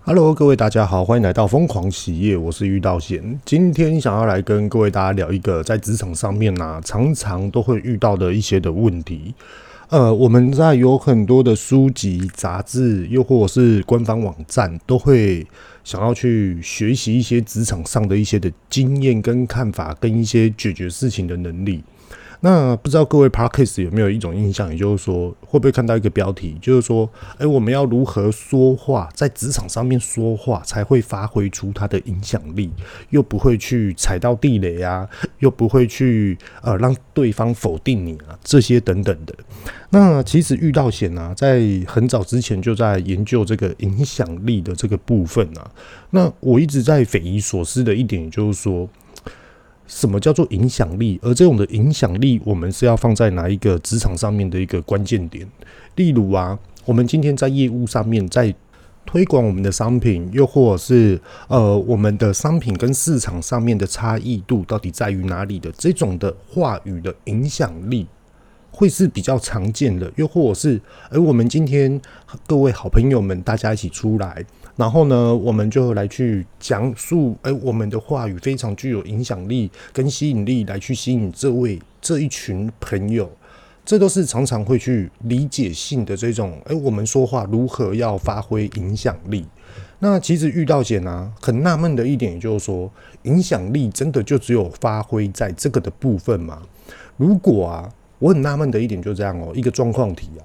哈嘍，Hello, 各位大家好，歡迎來到瘋狂啟業，我是玉道賢。今天想要來跟各位大家聊一個在職場上面啊，常常都會遇到的一些的問題。呃，我們在有很多的書籍、雜誌，又或是官方網站，都會想要去學習一些職場上的一些的經驗跟看法，跟一些解決事情的能力。那不知道各位 p a r k a s 有沒有一種印象，也就是說，會不會看到一個標題，就是說，哎，我們要如何說話，在職場上面說話才會發揮出它的影響力，又不會去踩到地雷啊，又不會去呃讓對方否定你啊，這些等等的。那其實遇到險啊，在很早之前就在研究這個影響力的這個部分啊。那我一直在匪夷所思的一點，就是說。什麼叫做影響力？而這種的影響力，我們是要放在哪一個職場上面的一個關鍵點？例如啊，我們今天在業務上面，在推廣我們的商品，又或者是呃，我們的商品跟市場上面的差異度到底在於哪裡的這種的話語的影響力，會是比較常見的，又或者是，而我們今天各位好朋友們，大家一起出來。然後呢，我們就來去講述，哎、欸，我們的話語非常具有影響力跟吸引力，來去吸引這位這一群朋友，這都是常常會去理解性的這種，哎、欸，我們說話如何要發揮影響力？那其實遇到姐呢、啊，很納悶的一點也就是說，影響力真的就只有發揮在這個的部分嗎？如果啊，我很納悶的一點就是這樣哦，一個狀況題啊。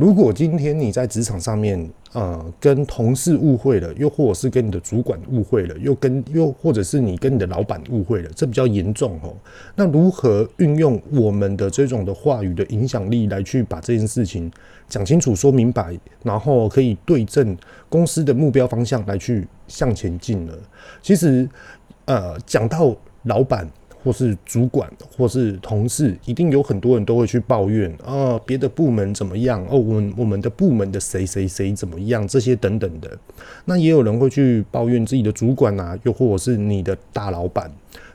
如果今天你在職場上面，呃，跟同事誤會了，又或者是跟你的主管誤會了，又跟又或者是你跟你的老闆誤會了，這比較嚴重哦。那如何運用我們的這種的話語的影響力來去把這件事情講清楚、說明白，然後可以對正公司的目標方向來去向前進呢？其實，呃，講到老闆。或是主管，或是同事，一定有很多人都會去抱怨啊，呃，別的部門怎麼樣？哦，我們我們的部門的誰誰誰怎麼樣？這些等等的。那也有人會去抱怨自己的主管啊，又或者是你的大老闆，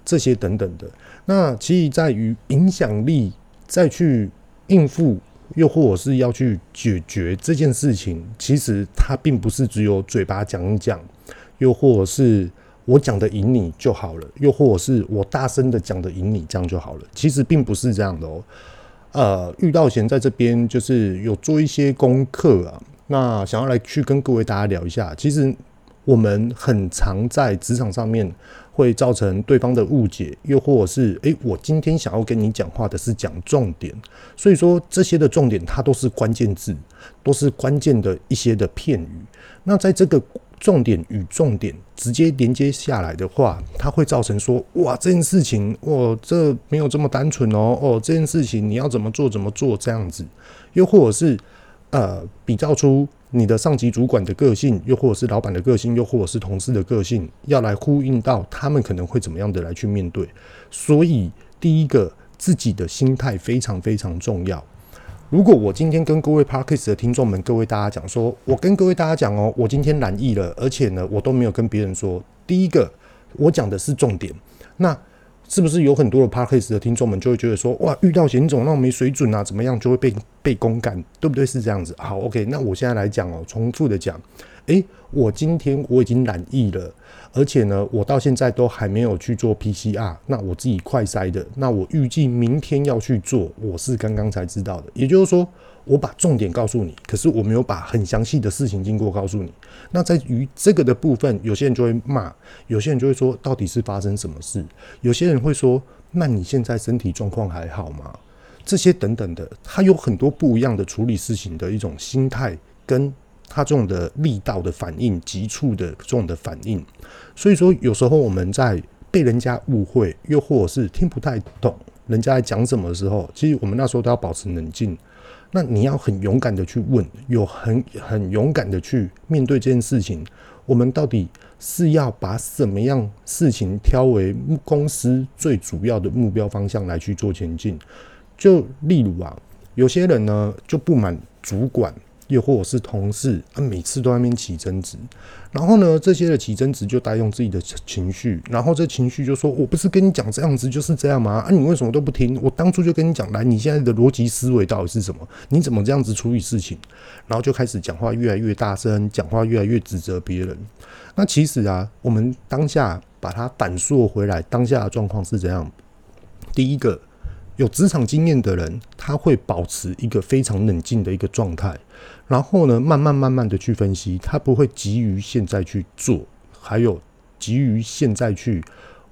這些等等的。那其實在於影響力再去應付，又或者是要去解決這件事情，其實它並不是只有嘴巴講一講，又或者是。我講的贏你就好了，又或者是我大聲的講的贏你這樣就好了。其實並不是這樣的哦。呃，遇到賢在這邊就是有做一些功課啊，那想要來去跟各位大家聊一下。其實我們很常在職場上面。會造成對方的誤解，又或者是、欸、我今天想要跟你講話的是講重點，所以說這些的重點它都是關鍵字，都是關鍵的一些的片語。那在這個重點與重點直接連接下來的話，它會造成說哇這件事情我，哦，這沒有這麼單純哦，哦，這件事情你要怎麼做怎麼做這樣子，又或者是呃比較出。你的上級主管的個性，又或者是老闆的個性，又或者是同事的個性，要來呼應到他們可能會怎麼樣的來去面對。所以，第一個自己的心態非常非常重要。如果我今天跟各位 podcast 的聽眾們，各位大家講說，我跟各位大家講哦，我今天染疫了，而且呢，我都沒有跟別人說。第一個，我講的是重點。那是不是有很多的 podcast 的聽眾們就會覺得說，哇，遇到險種那我沒水準啊，怎麼樣就會被被公幹，對不對？是這樣子。好，OK，那我現在來講哦，重複的講，誒，我今天我已經染疫了。而且呢，我到現在都還沒有去做 PCR，那我自己快篩的，那我預計明天要去做，我是剛剛才知道的。也就是說，我把重點告訴你，可是我沒有把很詳細的事情經過告訴你。那在於這個的部分，有些人就會罵，有些人就會說到底是發生什麼事？有些人會說，那你現在身體狀況還好嗎？這些等等的，他有很多不一樣的處理事情的一種心態跟。他這種的力道的反應，急促的這種的反應，所以說有時候我們在被人家誤會，又或者是聽不太懂人家在講什麼的時候，其實我們那時候都要保持冷靜。那你要很勇敢的去問，有很很勇敢的去面對這件事情。我們到底是要把什麼樣事情挑為公司最主要的目標方向來去做前進？就例如啊，有些人呢就不滿主管。又或者是同事啊，每次都在那邊起爭執，然後呢，這些的起爭執就帶動自己的情緒，然後這情緒就說：“我不是跟你講這樣子，就是這樣嗎？啊，你為什麼都不聽？我當初就跟你講，來，你現在的邏輯思維到底是什麼？你怎麼這樣子處理事情？”然後就開始講話越來越大聲，講話越來越指責別人。那其實啊，我們當下把它反溯回來，當下的狀況是怎樣？第一個，有職場經驗的人，他會保持一個非常冷靜的一個狀態。然後呢，慢慢慢慢的去分析，他不會急於現在去做，還有急於現在去，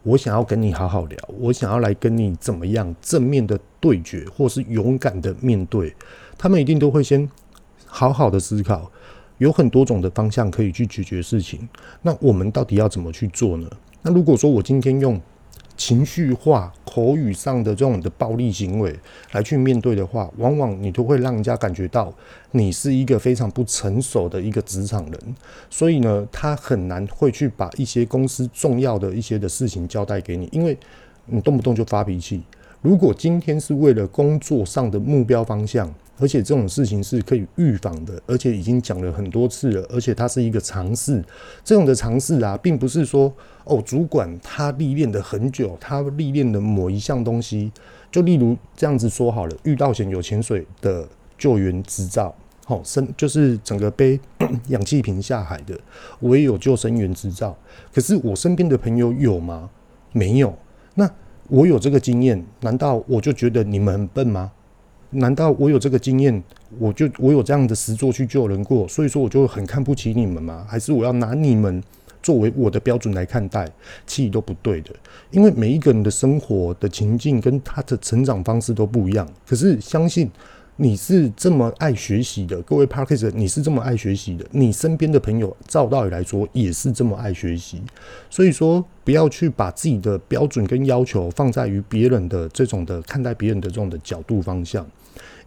我想要跟你好好聊，我想要來跟你怎麼樣正面的對決，或是勇敢的面對，他們一定都會先好好的思考，有很多種的方向可以去解決事情。那我們到底要怎麼去做呢？那如果說我今天用。情緒化、口語上的這種的暴力行為來去面對的話，往往你都會讓人家感覺到你是一個非常不成熟的一個職場人，所以呢，他很難會去把一些公司重要的一些的事情交代給你，因為你動不動就發脾氣。如果今天是為了工作上的目標方向。而且這種事情是可以預防的，而且已經講了很多次了。而且它是一個嘗試，這種的嘗試啊，並不是說哦，主管他歷練的很久，他歷練的某一項東西，就例如這樣子說好了，遇到險有潛水的救援執照，好，哦，生，就是整個背 氧氣瓶下海的，我也有救生員執照。可是我身邊的朋友有嗎？沒有。那我有這個經驗，難道我就覺得你們很笨嗎？難道我有這個經驗，我就我有這樣的實作去救人過，所以說我就很看不起你們嗎？還是我要拿你們作為我的標準來看待？其實都不對的，因為每一個人的生活的情境跟他的成長方式都不一樣。可是相信你是這麼愛學習的，各位 Parkers，你是這麼愛學習的，你身邊的朋友照道理來說也是這麼愛學習，所以說不要去把自己的標準跟要求放在於別人的這種的看待別人的這種的角度方向。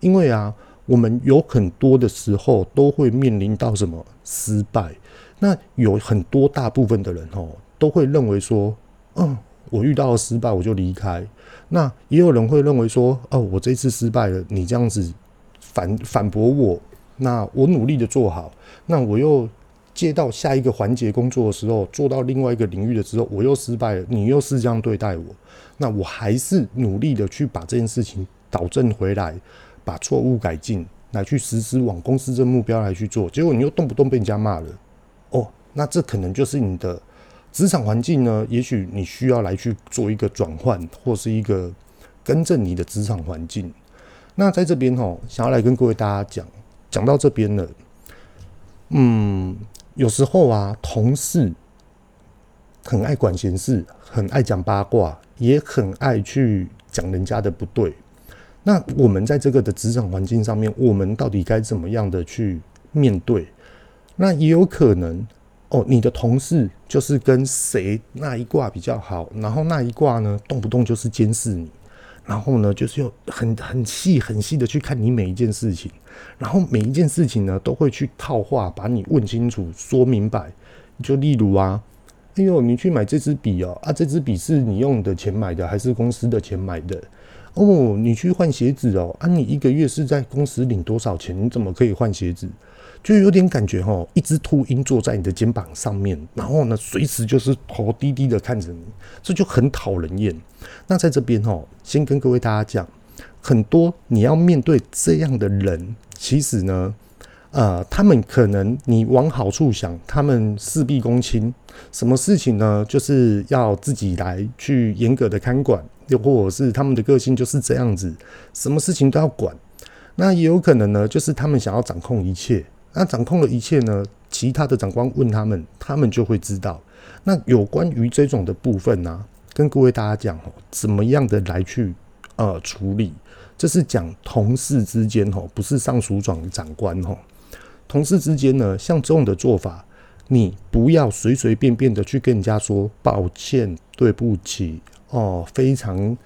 因為啊，我們有很多的時候都會面臨到什麼失敗。那有很多大部分的人哦，都會認為說，嗯，我遇到了失敗，我就離開。那也有人會認為說，哦，我這次失敗了，你這樣子反反駁我。那我努力的做好，那我又接到下一個環節工作的時候，做到另外一個領域的時候，我又失敗了，你又是這樣對待我。那我還是努力的去把這件事情導正回來。把錯誤改進來去實施，往公司這目標來去做，結果你又動不動被人家罵了，哦，那這可能就是你的職場環境呢。也許你需要來去做一個轉換，或是一個更正你的職場環境。那在這邊哈、哦，想要來跟各位大家講，講到這邊了，嗯，有時候啊，同事很愛管閒事，很愛講八卦，也很愛去講人家的不對。那我們在這個的職場環境上面，我們到底該怎麼樣的去面對？那也有可能哦，你的同事就是跟誰那一卦比較好，然後那一卦呢，動不動就是監視你，然後呢，就是用很很細很細的去看你每一件事情，然後每一件事情呢，都會去套話，把你問清楚說明白。就例如啊，哎呦，你去買這支筆哦，啊，這支筆是你用你的錢買的，還是公司的錢買的？哦，你去換鞋子哦啊！你一個月是在公司領多少錢？你怎麼可以換鞋子？就有點感覺吼，一隻禿鷹坐在你的肩膀上面，然後呢，隨時就是頭低低的看着你，這就很討人厭。那在這邊哈，先跟各位大家講，很多你要面對這樣的人，其實呢。呃，他們可能你往好處想，他們事必躬親，什麼事情呢？就是要自己來去嚴格的看管，又或者是他們的個性就是這樣子，什麼事情都要管。那也有可能呢，就是他們想要掌控一切。那掌控了一切呢，其他的長官問他們，他們就會知道。那有關於這種的部分呢、啊，跟各位大家講，怎麼樣的來去呃處理？這、就是講同事之間，不是上屬長長官同事之間呢，像這種的做法，你不要隨隨便便的去跟人家說抱歉、對不起哦，非常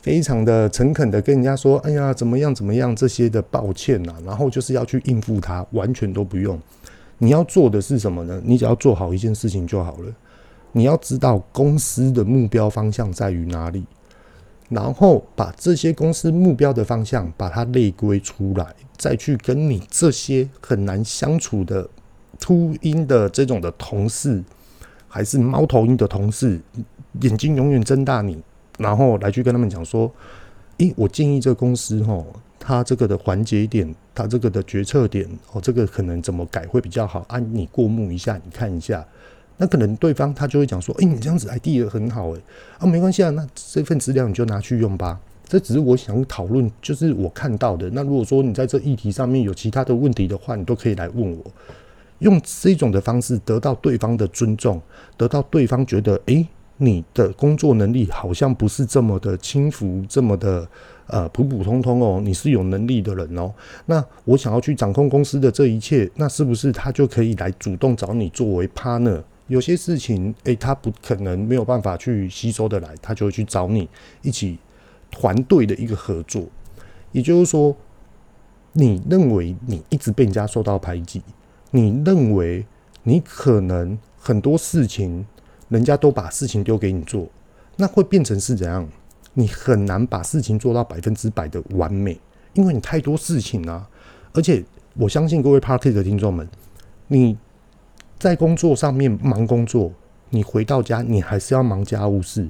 非常的誠懇的跟人家說，哎呀，怎麼樣怎麼樣這些的抱歉吶啊，然後就是要去應付他，完全都不用。你要做的是什麼呢？你只要做好一件事情就好了。你要知道公司的目標方向在於哪裡。然後把這些公司目標的方向把它類歸出來，再去跟你這些很難相處的禿鷹的這種的同事，還是貓頭鷹的同事，眼睛永遠睜大你，然後來去跟他們講說：“誒，我建議這個公司哈，它這個的環節點，它這個的決策點哦，這個可能怎麼改會比較好啊？你過目一下，你看一下。”那可能對方他就會講說，哎，你這樣子 idea 很好哎、欸，啊，沒關係啊，那這份資料你就拿去用吧。這只是我想討論，就是我看到的。那如果說你在這議題上面有其他的問題的話，你都可以來問我。用這種的方式得到對方的尊重，得到對方覺得，哎，你的工作能力好像不是這麼的輕浮，這麼的呃普普通通哦、喔，你是有能力的人哦、喔。那我想要去掌控公司的這一切，那是不是他就可以來主動找你作為 partner？有些事情，哎、欸，他不可能沒有辦法去吸收得來，他就會去找你一起團隊的一個合作。也就是說，你認為你一直被人家受到排擠，你認為你可能很多事情人家都把事情丟給你做，那會變成是怎樣？你很難把事情做到百分之百的完美，因為你太多事情啊。而且我相信各位 Podcast 的聽眾們，你。在工作上面忙工作，你回到家你還是要忙家務事。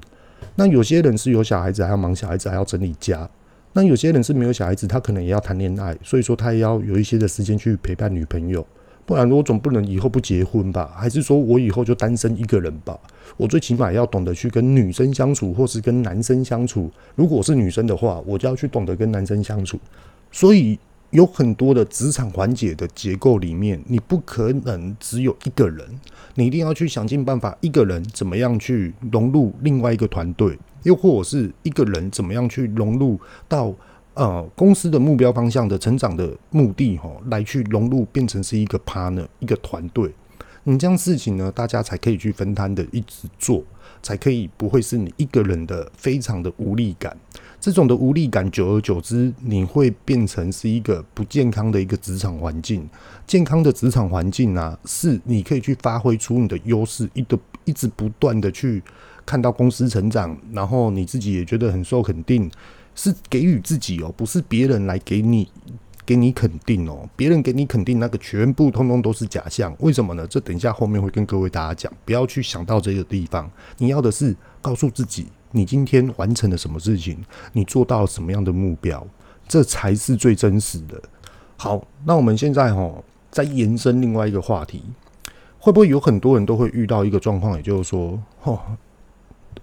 那有些人是有小孩子，還要忙小孩子，還要整理家。那有些人是沒有小孩子，他可能也要談戀愛，所以說他也要有一些的時間去陪伴女朋友。不然我總不能以後不結婚吧？還是說我以後就單身一個人吧？我最起碼要懂得去跟女生相處，或是跟男生相處。如果是女生的話，我就要去懂得跟男生相處。所以。有很多的職場環節的結構裡面，你不可能只有一個人，你一定要去想盡辦法，一個人怎麼樣去融入另外一個團隊，又或者是一個人怎麼樣去融入到呃公司的目標方向的成長的目的吼，來去融入變成是一個 partner 一個團隊，你這樣事情呢，大家才可以去分攤的一直做，才可以不會是你一個人的非常的無力感。這種的無力感，久而久之，你會變成是一個不健康的一個職場環境。健康的職場環境啊，是你可以去發揮出你的優勢，一的一直不斷的去看到公司成長，然後你自己也覺得很受肯定，是給予自己哦，不是別人來給你給你肯定哦。別人給你肯定，那個全部通通都是假象。為什麼呢？這等一下後面會跟各位大家講，不要去想到這個地方，你要的是告訴自己。你今天完成了什麼事情？你做到了什麼樣的目標？這才是最真實的。好，那我們現在齁，再延伸另外一個話題，會不會有很多人都會遇到一個狀況，也就是說，齁，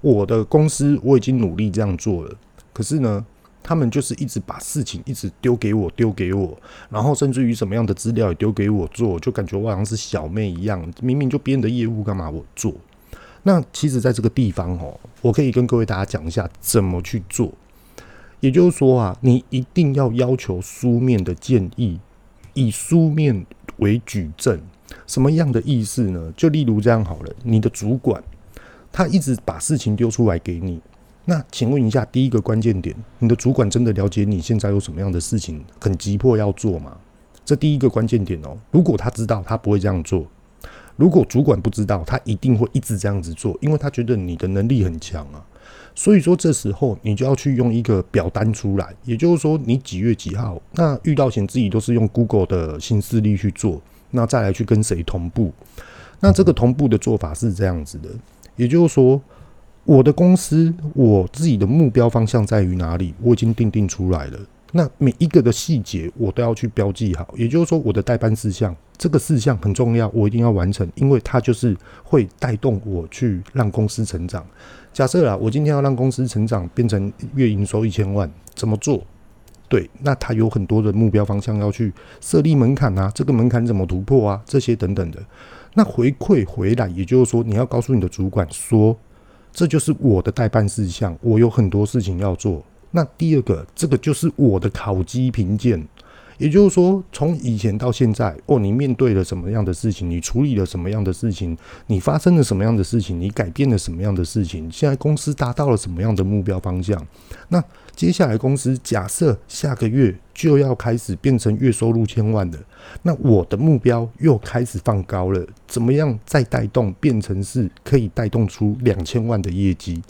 我的公司我已經努力這樣做了，可是呢，他們就是一直把事情一直丟給我，丟給我，然後甚至於什麼樣的資料也丟給我做，就感覺我好像是小妹一樣，明明就別人的業務幹嘛我做？那其實，在這個地方哦，我可以跟各位大家講一下怎麼去做。也就是說啊，你一定要要求書面的建議，以書面為舉證。什麼樣的意思呢？就例如這樣好了，你的主管他一直把事情丟出來給你。那請問一下，第一個關鍵點，你的主管真的了解你現在有什麼樣的事情很急迫要做嗎？這第一個關鍵點哦，如果他知道，他不會這樣做。如果主管不知道，他一定會一直這樣子做，因為他覺得你的能力很強啊。所以說，這時候你就要去用一個表單出來，也就是說你幾月幾號，那遇到錢自己都是用 Google 的行事曆去做，那再來去跟誰同步。那這個同步的做法是這樣子的，也就是說我的公司我自己的目標方向在於哪裡，我已經訂定出來了。那每一個的細節我都要去標記好，也就是說我的代辦事項，這個事項很重要，我一定要完成，因為它就是會帶動我去讓公司成長。假設啦，我今天要讓公司成長變成月營收一千萬，怎麼做？對，那它有很多的目標方向要去設立門檻啊，這個門檻怎麼突破啊，這些等等的。那回饋回來，也就是說你要告訴你的主管說，這就是我的代辦事項，我有很多事情要做。那第二個，這個就是我的考績評鑑，也就是說，從以前到現在，哦，你面對了什麼樣的事情，你處理了什麼樣的事情，你發生了什麼樣的事情，你改變了什麼樣的事情，現在公司達到了什麼樣的目標方向？那接下來公司假設下個月就要開始變成月收入千萬了，那我的目標又開始放高了，怎麼樣再帶動變成是可以帶動出兩千萬的業績？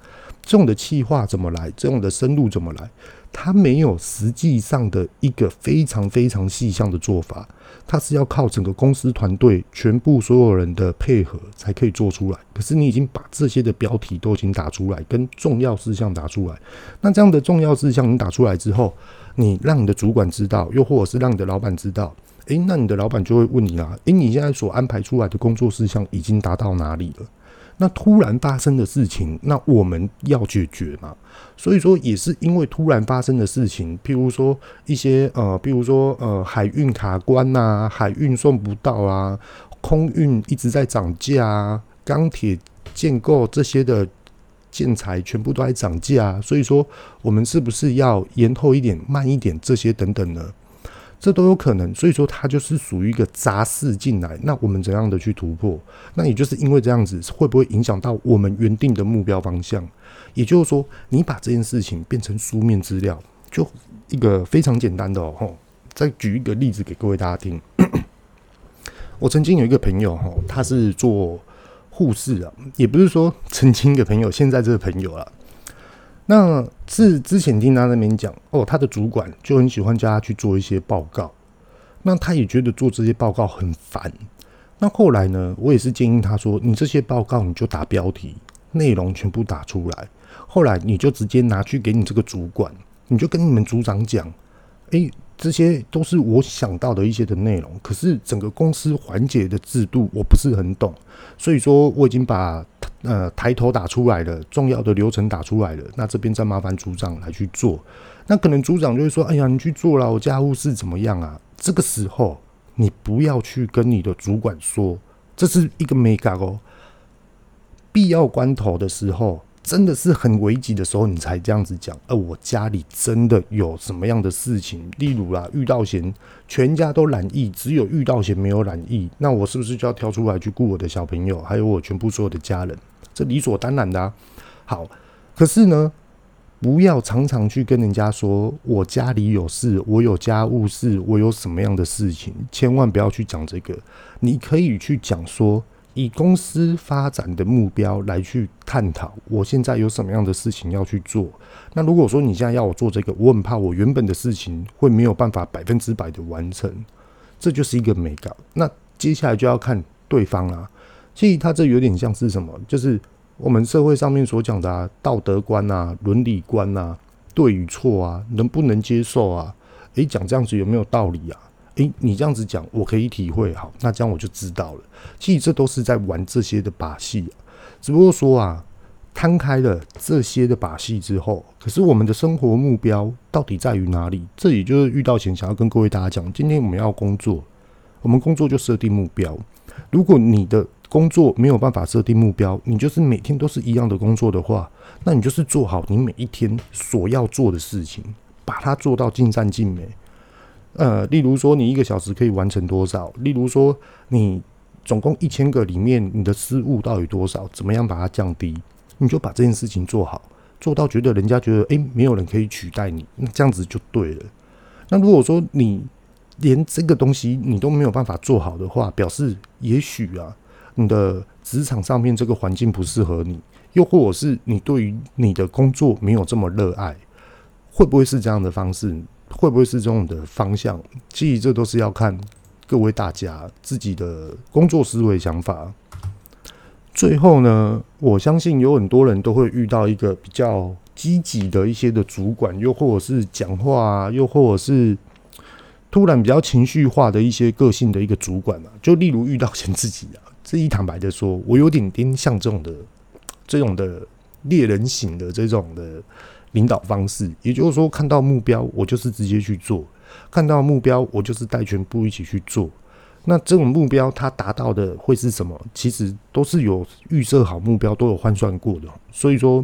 這種的企劃怎麼來？這種的深入怎麼來？它沒有實際上的一個非常非常細項的做法，它是要靠整個公司團隊全部所有人的配合才可以做出來。可是你已經把這些的標題都已經打出來，跟重要事項打出來。那這樣的重要事項你打出來之後，你讓你的主管知道，又或者是讓你的老闆知道。誒、欸，那你的老闆就會問你啊，誒、欸，你現在所安排出來的工作事項已經達到哪裡了？那突然發生的事情，那我們要解決嘛？所以說，也是因為突然發生的事情，譬如說一些呃，譬如說呃，海運卡關吶、啊，海運送不到啊，空運一直在漲價啊，鋼鐵建構這些的建材全部都在漲價啊，所以說，我們是不是要延後一點，慢一點這些等等呢？這都有可能，所以說它，就是屬於一個雜事進來。那我們怎樣的去突破？那也就是因為這樣子，會不會影響到我們原定的目標方向？也就是說，你把這件事情變成書面資料，就一個非常簡單的哦，再舉一個例子給各位大家聽。 我曾經有一個朋友哦，他是做護士的，也不是說曾經的朋友，現在這個朋友啊。那是之前聽他那邊講哦，他的主管就很喜歡叫他去做一些報告。那他也覺得做這些報告很煩。那後來呢，我也是建議他說：“你這些報告你就打標題，內容全部打出來。後來你就直接拿去給你這個主管，你就跟你們組長講：誒、欸，這些都是我想到的一些的內容。可是整個公司環節的制度我不是很懂，所以說我已經把。”呃，抬頭打出來了，重要的流程打出來了，那這邊再麻煩組長來去做。那可能組長就會說：“哎呀，你去做啦，我家務事怎麼樣啊？”這個時候，你不要去跟你的主管說，這是一個 mega 哦、喔，必要關頭的時候。真的是很危急的時候，你才這樣子講。而我家裡真的有什麼樣的事情？例如啦、啊，遇到險，全家都染疫，只有遇到險沒有染疫，那我是不是就要跳出來去顧我的小朋友，還有我全部所有的家人？這理所當然的啊。好，可是呢，不要常常去跟人家說我家裡有事，我有家務事，我有什麼樣的事情，千萬不要去講這個。你可以去講說。以公司發展的目標來去探討，我現在有什麼樣的事情要去做？那如果說你現在要我做這個，我很怕我原本的事情會沒有辦法百分之百的完成，這就是一個美感。那接下來就要看對方啦，所以他這有點像是什麼？就是我們社會上面所講的、啊、道德觀啊、倫理觀啊、對與錯啊、能不能接受啊？誒，講這樣子有沒有道理啊？誒、欸，你這樣子講，我可以體會。好，那這樣我就知道了。其實這都是在玩這些的把戲、啊，只不過說啊，攤開了這些的把戲之後，可是我們的生活目標到底在於哪裡？這也就是遇到錢想要跟各位大家講，今天我們要工作，我們工作就設定目標。如果你的工作沒有辦法設定目標，你就是每天都是一樣的工作的話，那你就是做好你每一天所要做的事情，把它做到盡善盡美。呃，例如說，你一個小時可以完成多少？例如說，你總共一千個裡面，你的失誤到底多少？怎麼樣把它降低？你就把這件事情做好，做到覺得人家覺得誒，沒有人可以取代你，那這樣子就對了。那如果說你連這個東西你都沒有辦法做好的話，表示也許啊，你的職場上面這個環境不適合你，又或者是你對於你的工作沒有這麼熱愛，會不會是這樣的方式？會不會是這種的方向？其實這都是要看各位大家自己的工作思維想法。最後呢，我相信有很多人都會遇到一個比較積極的一些的主管，又或者是講話啊，又或者是突然比較情緒化的一些個性的一個主管啊，就例如遇到像自己啊，這一坦白的說，我有點點像這種的，這種的獵人型的這種的。領導方式，也就是說，看到目標，我就是直接去做；看到目標，我就是帶全部一起去做。那這種目標，它達到的會是什麼？其實都是有預設好目標，都有換算過的。所以說，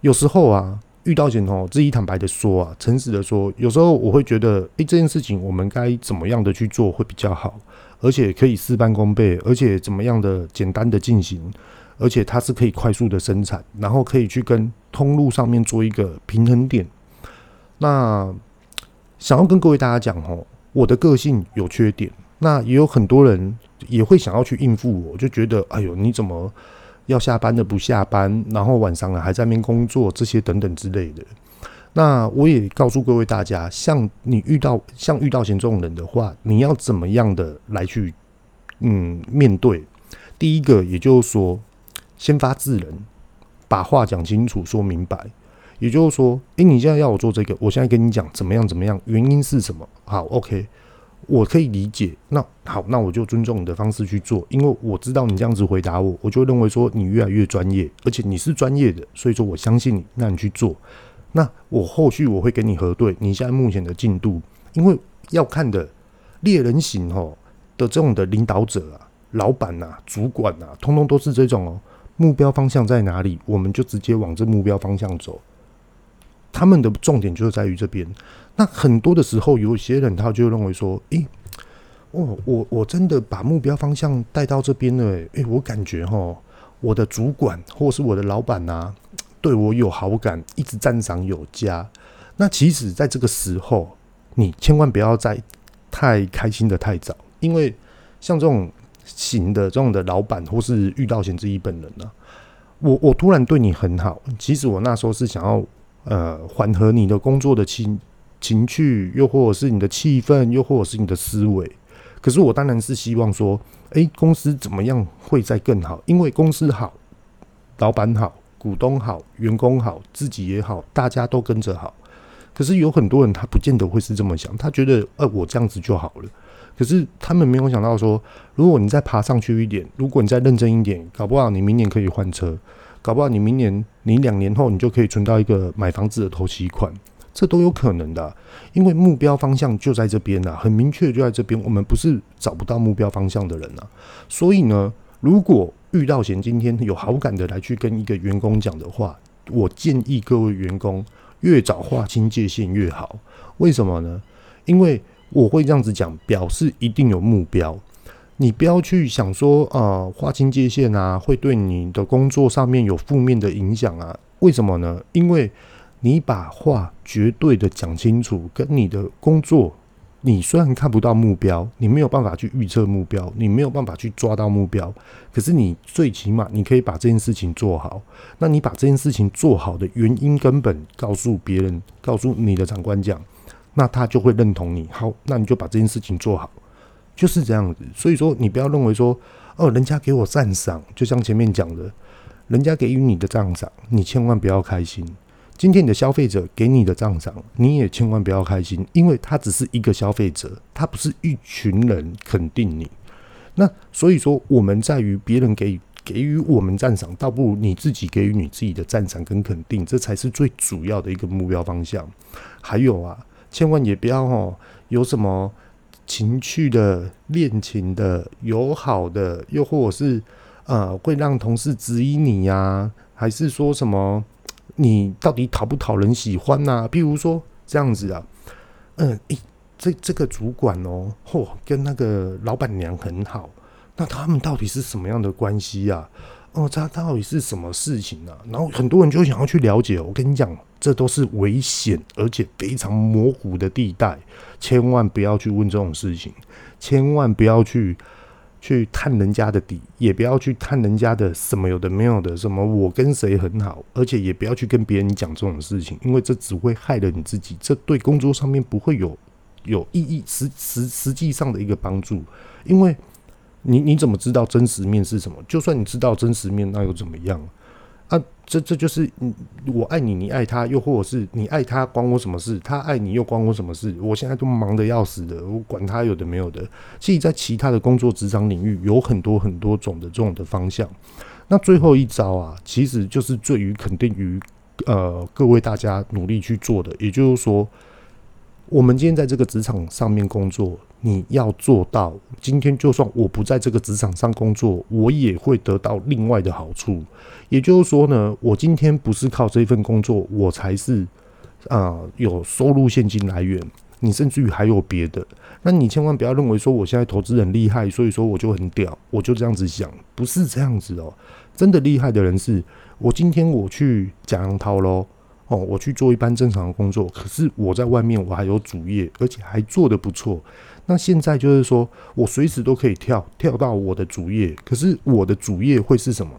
有時候啊，遇到錢哦，自己坦白的說啊，誠實的說，有時候我會覺得，哎、欸，這件事情我們該怎麼樣的去做會比較好，而且可以事半功倍，而且怎麼樣的簡單的進行。而且它是可以快速的生產，然後可以去跟通路上面做一個平衡點。那想要跟各位大家講哦，我的個性有缺點，那也有很多人也會想要去應付我，就覺得哎呦，你怎麼要下班的不下班，然後晚上還在那邊工作這些等等之類的。那我也告訴各位大家，像你遇到像遇到前這種人的話，你要怎麼樣的來去嗯面對？第一個也就是說。先發制人，把話講清楚，說明白。也就是說，哎、欸，你現在要我做這個，我現在跟你講怎麼樣，怎麼樣，原因是什麼？好，OK，我可以理解。那好，那我就尊重你的方式去做，因為我知道你這樣子回答我，我就認為說你越來越專業，而且你是專業的，所以說我相信你，那你去做。那我後續我會跟你核對你現在目前的進度，因為要看的獵人型吼的這種的領導者啊、老板吶、啊、主管吶、啊，通通都是這種哦、喔。目標方向在哪裡，我們就直接往這目標方向走。他們的重點就在於這邊。那很多的時候，有些人他就認為說、欸：“誒、哦，我我我真的把目標方向帶到這邊了、欸，誒、欸，我感覺哈，我的主管或是我的老闆吶、啊，對我有好感，一直讚賞有加。那其實在這個時候，你千萬不要再太開心的太早，因為像這種。”行的，這樣的老闆或是遇到前自己本人呢、啊？我我突然對你很好，其實我那時候是想要呃緩和你的工作的情情趣，又或者是你的氣氛，又或者是你的思維。可是我當然是希望說，誒，公司怎麼樣會再更好？因為公司好，老闆好，股東好，員工好，自己也好，大家都跟着好。可是有很多人，他不見得會是這麼想。他覺得，呃，我這樣子就好了。可是他們沒有想到說，如果你再爬上去一點，如果你再認真一點，搞不好你明年可以換車，搞不好你明年、你兩年後，你就可以存到一個買房子的頭期款，這都有可能的啊。因為目標方向就在這邊吶，很明確就在這邊。我們不是找不到目標方向的人吶啊。所以呢，如果遇到像今天有好感的來去跟一個員工講的話，我建議各位員工。越早劃清界限越好，為什麼呢？因為我會這樣子講，表示一定有目標。你不要去想說，啊、呃，劃清界限啊，會對你的工作上面有負面的影響啊。為什麼呢？因為你把話絕對的講清楚，跟你的工作。你雖然看不到目標，你沒有辦法去預測目標，你沒有辦法去抓到目標，可是你最起碼你可以把這件事情做好。那你把這件事情做好的原因根本告訴別人，告訴你的長官講，那他就會認同你。好，那你就把這件事情做好，就是這樣子。所以說，你不要認為說，哦，人家給我讚賞，就像前面講的，人家給予你的讚賞，你千萬不要開心。今天你的消費者給你的讚賞，你也千萬不要開心，因為他只是一個消費者，他不是一群人肯定你。那所以說，我們在於別人給予給予我們讚賞，倒不如你自己給予你自己的讚賞跟肯定，這才是最主要的一個目標方向。還有啊，千萬也不要哦，有什麼情趣的、戀情的、友好的，又或者是啊、呃，會讓同事質疑你呀、啊，還是說什麼，你到底討不討人喜歡吶、啊？譬如說這樣子啊，嗯，哎，這這個主管哦，嚯、哦，跟那個老板娘很好，那他們到底是什麼樣的關係啊？哦，他到底是什麼事情啊？然後很多人就想要去了解、哦。我跟你講，這都是危險而且非常模糊的地帶，千萬不要去問這種事情，千萬不要去。去探人家的底，也不要去探人家的什麼有的沒有的，什麼我跟誰很好，而且也不要去跟別人講這種事情，因為這只會害了你自己，這對工作上面不會有有意義，實實實際上的一個幫助，因為你你怎麼知道真實面是什麼？就算你知道真實面，那又怎麼樣？這這就是嗯，我愛你，你愛他，又或者是你愛他，關我什麼事？他愛你，又關我什麼事？我現在都忙得要死的，我管他有的沒有的。其實在其他的工作職場領域，有很多很多種的這種的方向。那最後一招啊，其實就是最於肯定於呃各位大家努力去做的，也就是說。我們今天在這個職場上面工作，你要做到今天就算我不在這個職場上工作，我也會得到另外的好處。也就是說呢，我今天不是靠這份工作，我才是啊、呃、有收入現金來源。你甚至於還有別的，那你千萬不要認為說我現在投資很厲害，所以說我就很屌，我就這樣子想，不是這樣子哦。真的厲害的人是，我今天我去講套嘍，哦，我去做一般正常的工作，可是我在外面我還有主業，而且還做得不錯。那現在就是說我隨時都可以跳，跳到我的主業，可是我的主業會是什麼？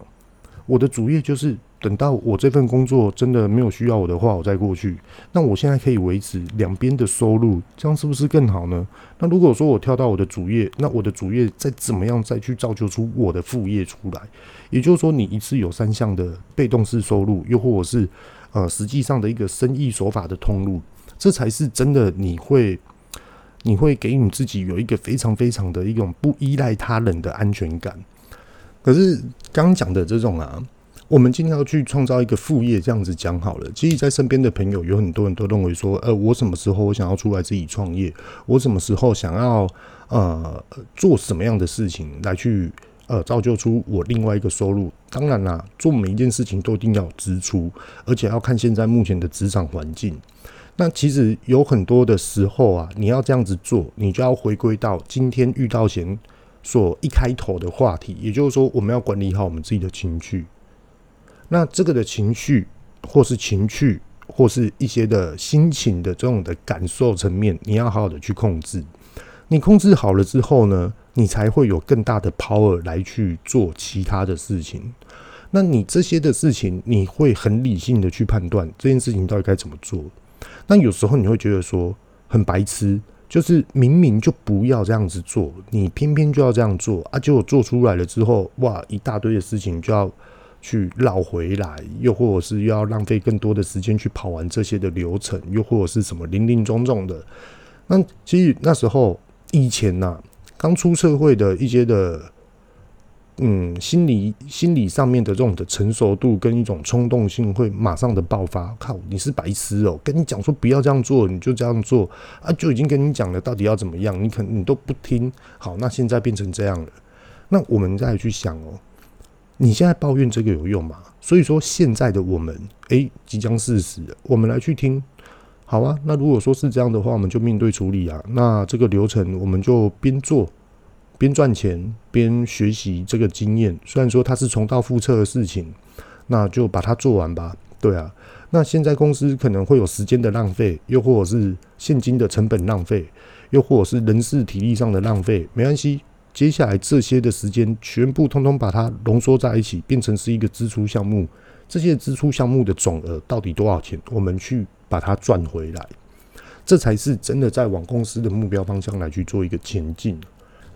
我的主業就是等到我這份工作真的沒有需要我的話，我再過去。那我現在可以維持兩邊的收入，這樣是不是更好呢？那如果說我跳到我的主業，那我的主業再怎麼樣再去造就出我的副業出來，也就是說，你一次有三項的被動式收入，又或者是。呃，實際上的一個生意手法的通路，這才是真的。你會，你會給你自己有一個非常非常的一種不依賴他人的安全感。可是剛剛講的這種啊，我們今天要去創造一個副業，這樣子講好了。其實，在身邊的朋友有很多人都認為說，呃，我什麼時候我想要出來自己創業？我什麼時候想要呃做什麼樣的事情來去？呃，造就出我另外一個收入。當然啦、啊，做每一件事情都一定要有支出，而且要看現在目前的職場環境。那其實有很多的時候啊，你要這樣子做，你就要回歸到今天遇到前所一開頭的話題，也就是說，我們要管理好我們自己的情緒。那這個的情緒，或是情緒，或是一些的心情的這種的感受層面，你要好好的去控制。你控制好了之後呢，你才會有更大的 power 來去做其他的事情。那你這些的事情，你會很理性的去判斷這件事情到底該怎麼做。那有時候你會覺得說很白痴，就是明明就不要這樣子做，你偏偏就要這樣做，啊。結果做出來了之後，哇，一大堆的事情就要去繞回來，又或者是又要浪費更多的時間去跑完這些的流程，又或者是什麼林林總總的。那其實那時候以前呢、啊。剛出社會的一些的，嗯，心理心理上面的這種的成熟度跟一種衝動性會馬上的爆發。靠，你是白痴哦！跟你講說不要這樣做，你就這樣做啊，就已經跟你講了，到底要怎麼樣？你肯你都不聽。好，那現在變成這樣了，那我們再去想哦，你現在抱怨這個有用嗎？所以說，現在的我們，哎，即將事實，我們來去聽。好啊，那如果說是這樣的話，我們就面對處理啊。那這個流程，我們就邊做邊賺錢，邊學習這個經驗。雖然說它是重蹈覆轍的事情，那就把它做完吧。對啊，那現在公司可能會有時間的浪費，又或者是現金的成本浪費，又或者是人事體力上的浪費，沒關係。接下來這些的時間，全部通通把它濃縮在一起，變成是一個支出項目。這些支出項目的總額到底多少錢？我們去。把它賺回來，這才是真的在往公司的目標方向來去做一個前進。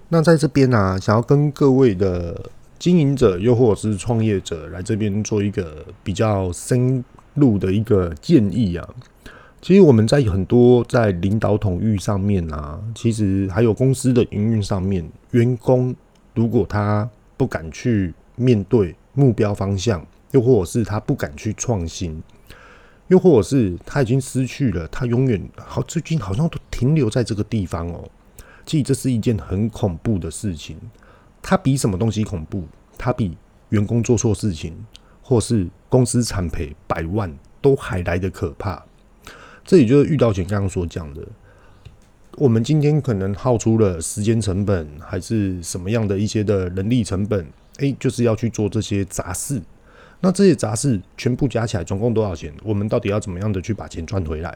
那在這邊呢，想要跟各位的經營者，又或者是創業者，來這邊做一個比較深入的一個建議啊。其實我們在很多在領導統御上面啊，其實還有公司的營運上面，員工如果他不敢去面對目標方向，又或者是他不敢去創新，又或者是他已經失去了，他永遠好最近好像都停留在這個地方哦。其實這是一件很恐怖的事情，它比什麼東西恐怖，它比員工做錯事情或是公司慘賠百萬都還來得可怕。這也就是遇到前剛剛所講的，我們今天可能耗出了時間成本，還是什麼樣的一些的人力成本，哎、欸，就是要去做這些雜事。那這些雜事全部加起來總共多少錢？我們到底要怎麼樣的去把錢賺回來？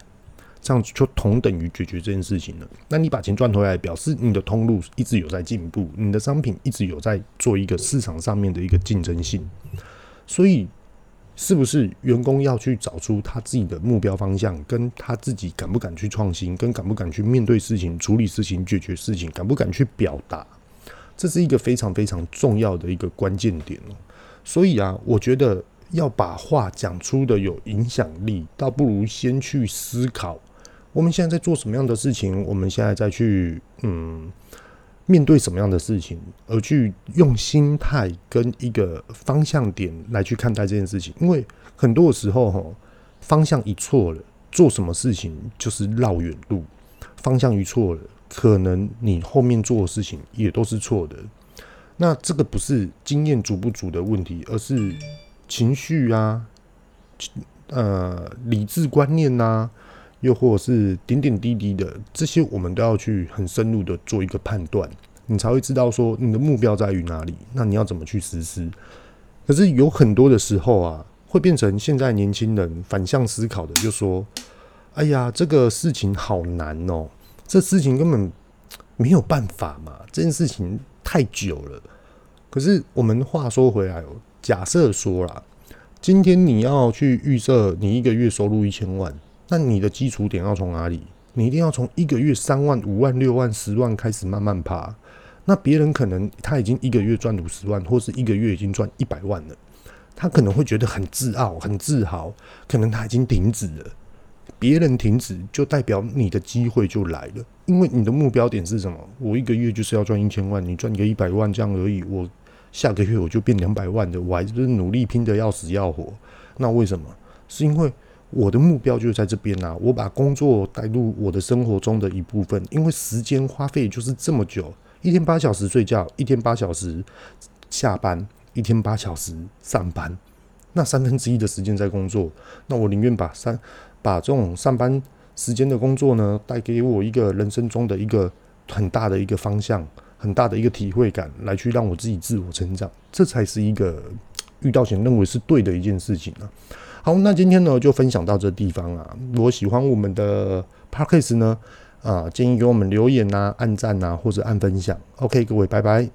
這樣子就同等於解決這件事情了。那你把錢賺回來，表示你的通路一直有在進步，你的商品一直有在做一個市場上面的一個競爭性。所以，是不是員工要去找出他自己的目標方向，跟他自己敢不敢去創新，跟敢不敢去面對事情、處理事情、解決事情，敢不敢去表達，這是一個非常非常重要的一個關鍵點哦。所以啊，我覺得要把話講出的有影響力，倒不如先去思考我們現在在做什麼樣的事情，我們現在在去嗯面對什麼樣的事情，而去用心態跟一個方向點來去看待這件事情。因為很多的時候哈，方向一錯了，做什麼事情就是繞遠路；方向一錯了，可能你後面做的事情也都是錯的。那這個不是經驗足不足的問題，而是情緒啊，呃，理智觀念啊，又或者是點點滴滴的這些，我們都要去很深入的做一個判斷，你才會知道說你的目標在於哪裡，那你要怎麼去實施？可是有很多的時候啊，會變成現在年輕人反向思考的，就說：“哎呀，這個事情好難哦，這事情根本沒有辦法嘛，這件事情。”太久了，可是我們話說回來哦、喔，假設說啦，今天你要去預設你一個月收入一千萬，那你的基礎點要從哪裡？你一定要從一個月三萬、五萬、六萬、十萬開始慢慢爬。那別人可能他已經一個月賺五十萬，或是一個月已經賺一百萬了，他可能會覺得很自傲、很自豪，可能他已經停止了。別人停止，就代表你的機會就來了。因為你的目標點是什麼？我一個月就是要賺一千萬，你賺個一百萬這樣而已。我下個月我就變兩百萬的，我還是努力拼得要死要活。那為什麼？是因為我的目標就在這邊吶、啊。我把工作帶入我的生活中的一部分，因為時間花費就是這麼久：一天八小時睡覺，一天八小時下班，一天八小時上班。那三分之一的時間在工作，那我寧願把三。把這種上班時間的工作呢，帶給我一個人生中的一個很大的一個方向，很大的一個體會感，來去讓我自己自我成長，這才是一個遇到前認為是對的一件事情啊。好，那今天呢就分享到這地方啊。如果喜歡我們的 podcast 呢，啊，建議給我們留言啊、按讚啊或者按分享。OK，各位，拜拜。